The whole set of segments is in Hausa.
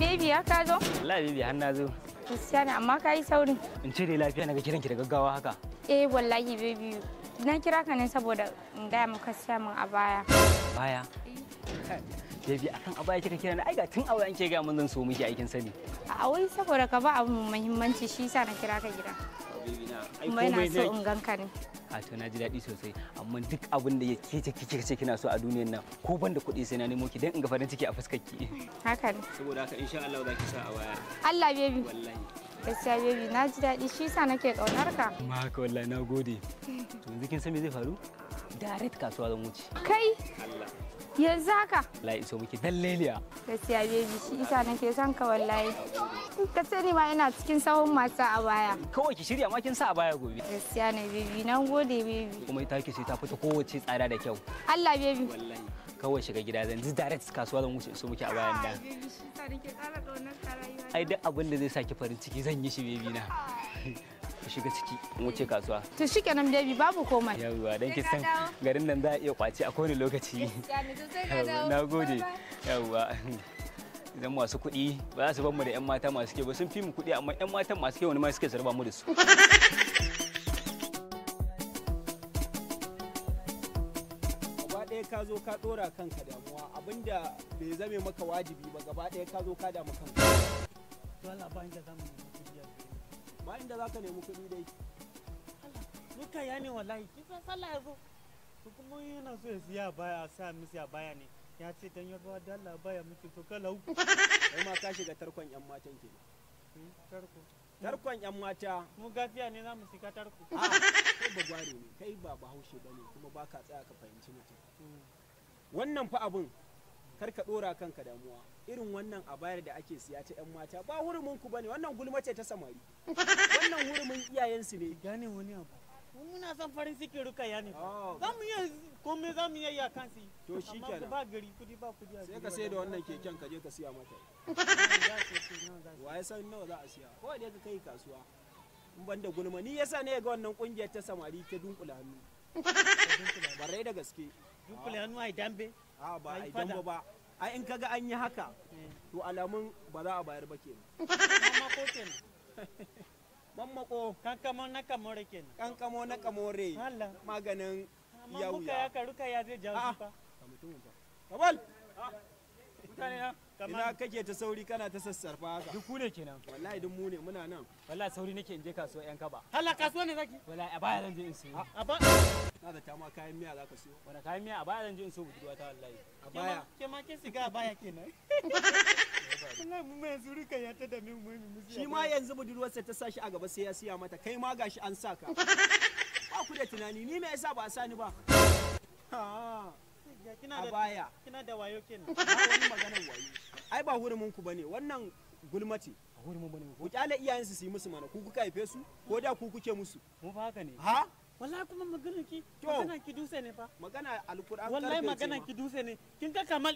bebi ya ka zo? Wallahi baby har na zo. Gaskiya amma ka yi saurin. In ce dai lafiya na ga kiranki da gaggawa haka. Eh wallahi baby na kira ka ne saboda in gaya maka siya min a baya. Baya? Eh. Baby akan a baya kika kira na ga tun awa an ke ga mun zan so miki aikin sani. A wai saboda ka ba abu muhimmanci shi yasa na kira ka gida. kuma yana so in ganka ne na ji daɗi sosai amma duk abin da yake kike ce kina so a duniyar nan ko ban da kuɗi sai na nemo ki dan in ga farin ciki a fuskar ki haka ne saboda haka insha Allah za ki sa a waya Allah baby wallahi gaskiya na ji daɗi shi yasa nake kaunar ka ma haka wallahi na gode to yanzu kin san me zai faru direct kasuwa zan wuce kai Allah yanzu haka la iso miki dan leliya gaskiya bebi shi isa nake son ka wallahi ka sani ma ina cikin sahun masu a baya kawai ki shirya ma kin sa a baya gobe gaskiya ne bebi nan gode bebi kuma ita ki sai ta fita kowace tsada da kyau Allah bebi wallahi kawai shiga gida zan ji direct kasuwa zan wuce so muke a bayan da ai duk abin da zai saki farin ciki zan yi shi bebi na shiga ciki in wuce kasuwa to shikenan baby babu komai yawwa dan ki san garin nan za a iya kwaci a kowane lokaci na gode yawwa idan masu kuɗi ba za su bar mu da 'yan mata masu ke ba sun fi mu kuɗi amma 'yan matan masu ke wani ma suke zarba mu da su ɗaya ka zo ka ɗora kanka damuwa abinda bai zame maka wajibi ba gaba ɗaya ka zo ka damu kanka. da ba inda za ka nemi kuɗi dai duka ya ne wallahi kisa sallah ya to kuma yana so ya siya baya sa misi a baya ne ya ce dan yarbawa dalla baya miki to uku. kai ma ka shiga tarkon yan matan ke hmm, tarkon yan mata mu gafiya ne za mu shiga tarko a ah, kai ba gware ne kai ba bahaushe ba ne kuma ba ka tsaya ka fahimci mutum hmm. wannan fa abun kar ka dora kanka damuwa irin wannan abayar da ake siya ta yan mata ba hurumin ku bane wannan gulma ce ta samari wannan hurumin iyayen su ne gane wani abu muna son farin cikin ya ne za mu yi komai oh. za mu iya iya kansu to shi kenan ba gari kudi ba kudi sai ka sai da wannan keken ka je ka siya mata waye san nawa za a siya ko da ka kai kasuwa in ban da gulma ni yasa ne ga wannan kungiyar ta samari ta dunkula hannu barai da gaske dunkula hannu ai dambe a ba ai dambe ba ai in kaga an yi haka to alamun ba za a bayar ba ke mamako kenan mamako kankamo na kamore kenan kankamo na kamore maganin yawuya ya muka ya ya zai jawo ba ka ba kabal ah. mutane na ina kake ta sauri kana ta sassarfa haka duk ne kenan wallahi duk mu ne muna nan wallahi sauri nake in je kasuwa yan kaba hala kasuwa ne zaki wallahi a baya zan je in siyo a ba na da ta ma kayan miya zaka siyo wala kayan miya a baya zan je in siyo budurwa ta wallahi a baya ke ma ke siga a baya kenan wallahi mu mai zuri kan ya ta da mu mu mu shi ma yanzu budurwarsa ta sashi a gaba sai ya siya mata kai ma gashi an saka ba ku da tunani ni me yasa ba a sani ba a baya kina da wayo kenan ba wani maganar wayo ai ba hurumin ku bane wannan gulma ce a hurumin bane ku kyale iyayen su su musu mana ku kuka haife su ko da ku kuke musu mu fa haka ne ha wallahi kuma maganar ki magana ki dutse ne fa magana alkur'an wallahi magana ki dutse ne kin ka kamal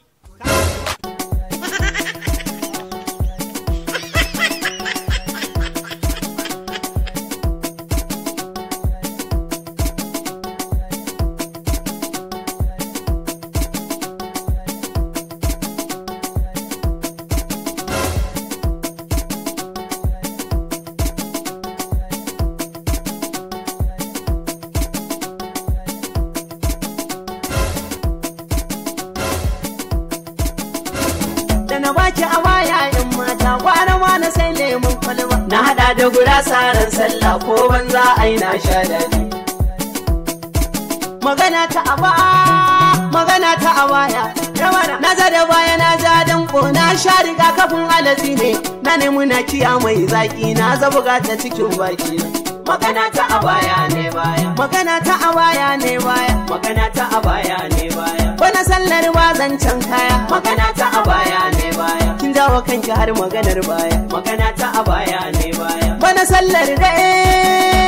na baki a waya yan mata kwana ma na sai lemun kwalba na hada da gurasa ran sallah ko banza yi na sha dadi magana ta a magana ta awaya. waya na za da baya na ja dan na sha riga kafin alazi ne na nemi na kiya mai zaki na zabuga ta cikin baki magana ta a baya ne baya magana ta a baya ne baya magana ta a baya ne baya wani sallar wazancan kaya magana ta a baya ne wa kanki har maganar baya magana ta a baya ne baya bana sallar da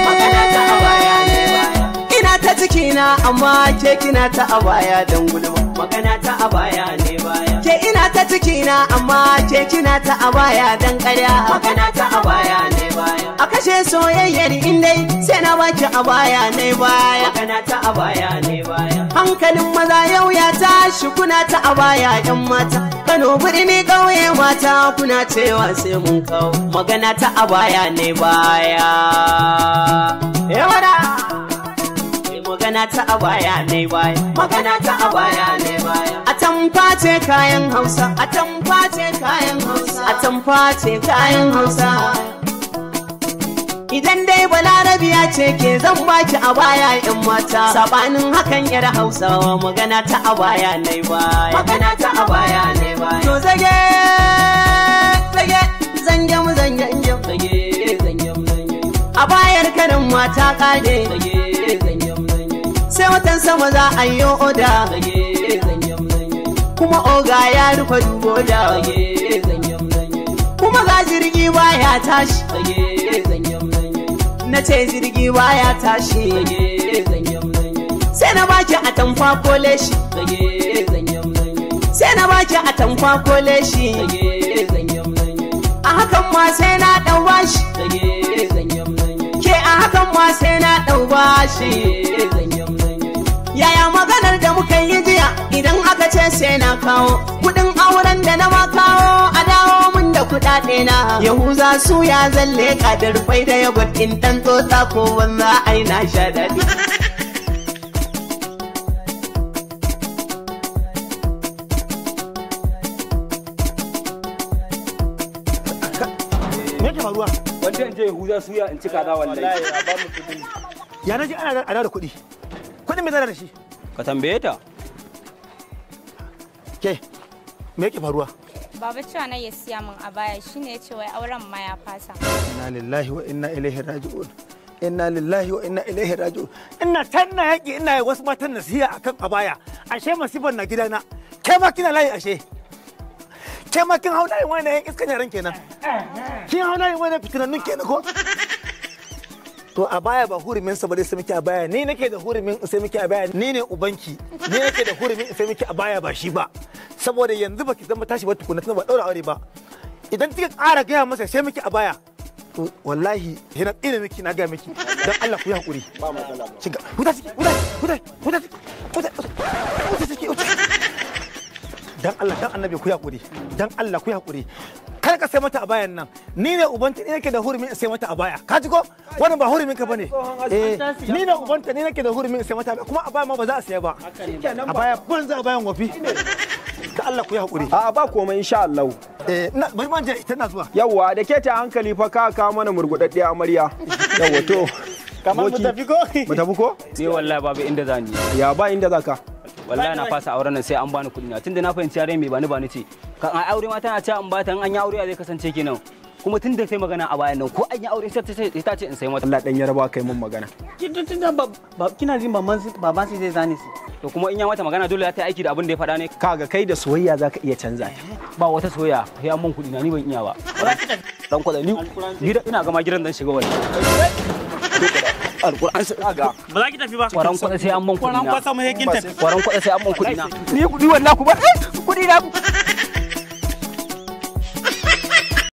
magana ta a baya ne baya ina ta cikina amma ke kina ta a baya dan gulma magana ta a baya ne baya ke ina ta cikina amma ke kina ta a baya dan karya magana ta a baya ne a kashe soyayyar indai sai na baki a baya ne baya ta a baya ne baya hankalin maza yau ya tashi kuna ta a baya yan mata Kano birni ƙauye mata kuna cewa sai mun kawo magana ta a baya ne baya yawara eh, eh, magana ta ne baya magana ta ne baya a tamfa ce kayan hausa a tamfa ce kayan hausa a tamfa ce kayan hausa Idan dai balarabiya ce ke zan baki a baya yan mata. Sabanin hakan yar Hausawa magana ta a baya nai baya. Magana ta a baya nai baya. To zage zage zangem zangem zage zangem zangem. A bayar karin mata kade zage zangem zangem. Sai watan sama za a yi oda zage zangem zangem. Kuma oga ya rufe dubo da zage zangem zangem. Kuma za jirgi baya tashi zage na ce jirgi ya tashi sai na baki a tamfa kole shi sai na baki a tamfa kole shi a hakan ma sai na ɗau shi ke a hakan ma sai na ɗau shi yaya maganar da muka yi jiya idan aka ce sai na kawo kudin auren da na ma kawo ɗina yahuza su ya zalle kadar kwai da yogurt in ɗan tsotsa ko banza ai sha daɗi me ke faruwa wanda in je yahuza suya in cika da wallahi ya naji ana da kuɗi kuɗin mai zara da shi ka tambaye ta ke me ke faruwa baba cewa na ya siya min a baya shine ne cewa auren ma ya fasa inna lillahi wa inna ilaihi raji'un inna lillahi wa inna ilaihi raji'un ina na yaki ina yi wasu matan nasiha akan a baya ashe masifan na gidana ke ma kina layi ashe ke ma kin hau layin wani iskan yaran kenan kin hau layin wani fitinannun kenan ko to a baya ba hurumin sa ba sai muke a baya ni nake da hurumin sai muke a baya ni ne ubanki ni nake da hurumin sai muke a baya ba shi ba saboda yanzu baki zama tashi ba tukuna tana ba daura aure ba idan kika ƙara gaya masa sai miki a baya to wallahi hina ina miki na gaya miki dan Allah ku yi hakuri ba matsala shiga huta ciki huta huta huta huta huta ciki dan Allah dan annabi ku yi hakuri dan Allah ku yi hakuri kar ka sai mata a bayan nan ni ne ubanta ni nake da hurumin sai mata a baya ka ji ko wannan ba hurumin ka bane eh ni ne ubanta ni nake da hurumin sai mata kuma a baya ma ba za a sai ba a baya ban za a bayan wafi ka Allah ku yi hakuri a ba komai insha Allah eh bari man ita na zuwa yawa da ke ta hankali fa ka ka mana murgudadde amarya yawa to kamar mu tafi ko mu tafi ko ni wallahi babu inda zani ya ba inda zaka wallahi na fasa auren nan sai an bani kuɗi na tunda na fahimci yare mai bani bani ce Ka an aure ma tana cewa in ba ta an yi aure zai kasance kenan kuma tun da sai magana a bayan nan ko an yi aure sai ta ce in sai mata Allah dan yarba kai mun magana kina jin baban sai zai zane su to kuma in ya mata magana dole za ta yi aiki da abin da ya faɗa ne kaga kai da soyayya za ka iya canza ta ba wata soyayya ya mun kuɗi na ni ban iya ba dan kwada ni ni da ina gama gidan dan shiga wani alƙur'an sai ga ba za ki tafi ba kwaran kwada sai an mun kuɗi na kwaran kwada sai an mun kuɗi na ni kuɗi wallahi ku ba eh, kuɗi na ku